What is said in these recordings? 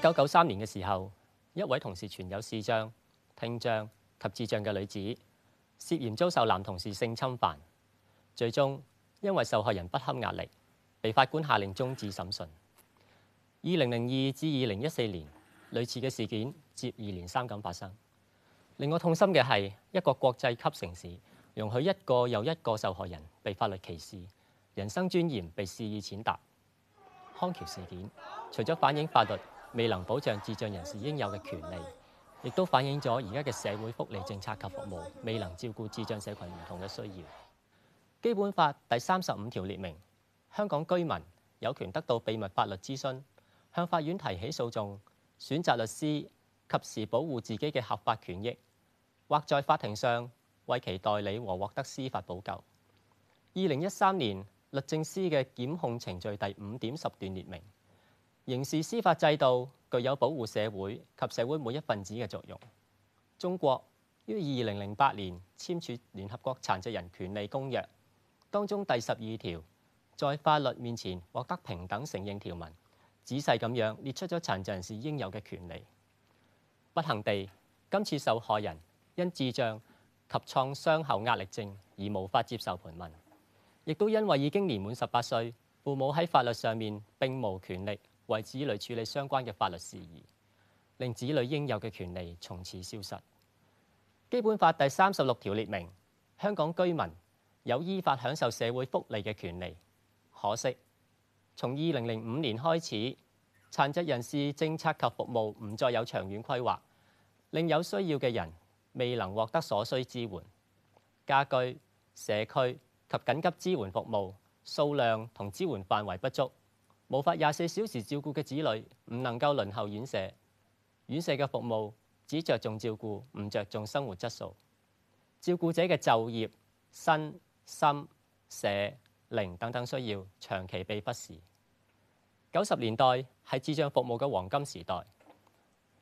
一九九三年嘅時候，一位同時存有視障、聽障及智障嘅女子，涉嫌遭受男同事性侵犯，最終因為受害人不堪壓力，被法官下令終止審訊。二零零二至二零一四年，類似嘅事件接二連三咁發生。令我痛心嘅係，一個國際級城市容許一個又一個受害人被法律歧視，人生尊嚴被肆意踐踏。康橋事件除咗反映法律。未能保障智障人士應有嘅權利，亦都反映咗而家嘅社會福利政策及服務未能照顧智障社群唔同嘅需要。基本法第三十五條列明，香港居民有權得到秘密法律諮詢，向法院提起訴訟，選擇律師，及時保護自己嘅合法權益，或在法庭上為其代理和獲得司法補救。二零一三年律政司嘅檢控程序第五點十段列明。刑事司法制度具有保護社會及社會每一份子嘅作用。中國於二零零八年簽署聯合國殘疾人權利公約，當中第十二條在法律面前獲得平等承認條文，仔細咁樣列出咗殘疾人士應有嘅權利。不幸地，今次受害人因智障及創傷後壓力症而無法接受盤問，亦都因為已經年滿十八歲，父母喺法律上面並無權力。為子女處理相關嘅法律事宜，令子女應有嘅權利從此消失。基本法第三十六條列明，香港居民有依法享受社會福利嘅權利。可惜，從二零零五年開始，殘疾人士政策及服務唔再有長遠規劃，令有需要嘅人未能獲得所需支援。家居、社區及緊急支援服務數量同支援範圍不足。無法廿四小時照顧嘅子女，唔能夠輪候院舍。院舍嘅服務只着重照顧，唔着重生活質素。照顧者嘅就業、身、心、社、靈等等需要，長期被忽視。九十年代係智障服務嘅黃金時代。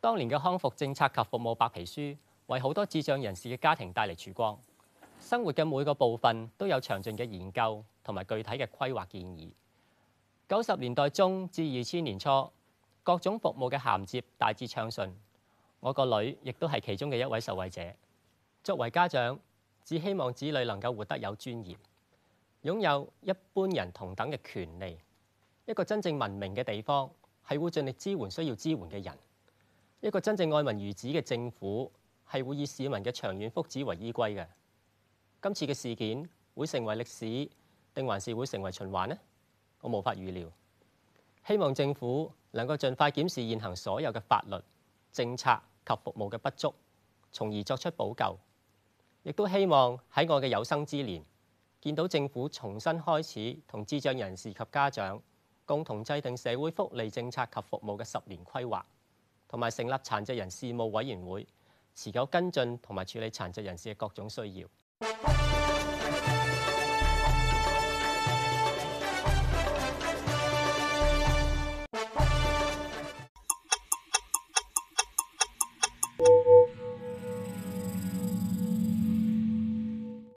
當年嘅康復政策及服務白皮書，為好多智障人士嘅家庭帶嚟曙光。生活嘅每個部分都有詳盡嘅研究同埋具體嘅規劃建議。九十年代中至二千年初，各種服務嘅銜接大致暢順。我個女亦都係其中嘅一位受惠者。作為家長，只希望子女能夠活得有尊嚴，擁有一般人同等嘅權利。一個真正文明嘅地方係會盡力支援需要支援嘅人。一個真正愛民如子嘅政府係會以市民嘅長遠福祉為依歸嘅。今次嘅事件會成為歷史，定還是會成為循環呢？我無法預料，希望政府能夠盡快檢視現行所有嘅法律、政策及服務嘅不足，從而作出補救。亦都希望喺我嘅有生之年，見到政府重新開始同智障人士及家長共同制定社會福利政策及服務嘅十年規劃，同埋成立殘疾人事務委員會，持久跟進同埋處理殘疾人士嘅各種需要。